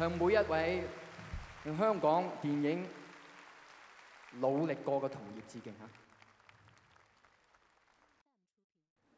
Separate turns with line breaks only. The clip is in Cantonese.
向每一位向香港電影努力過嘅同業致敬。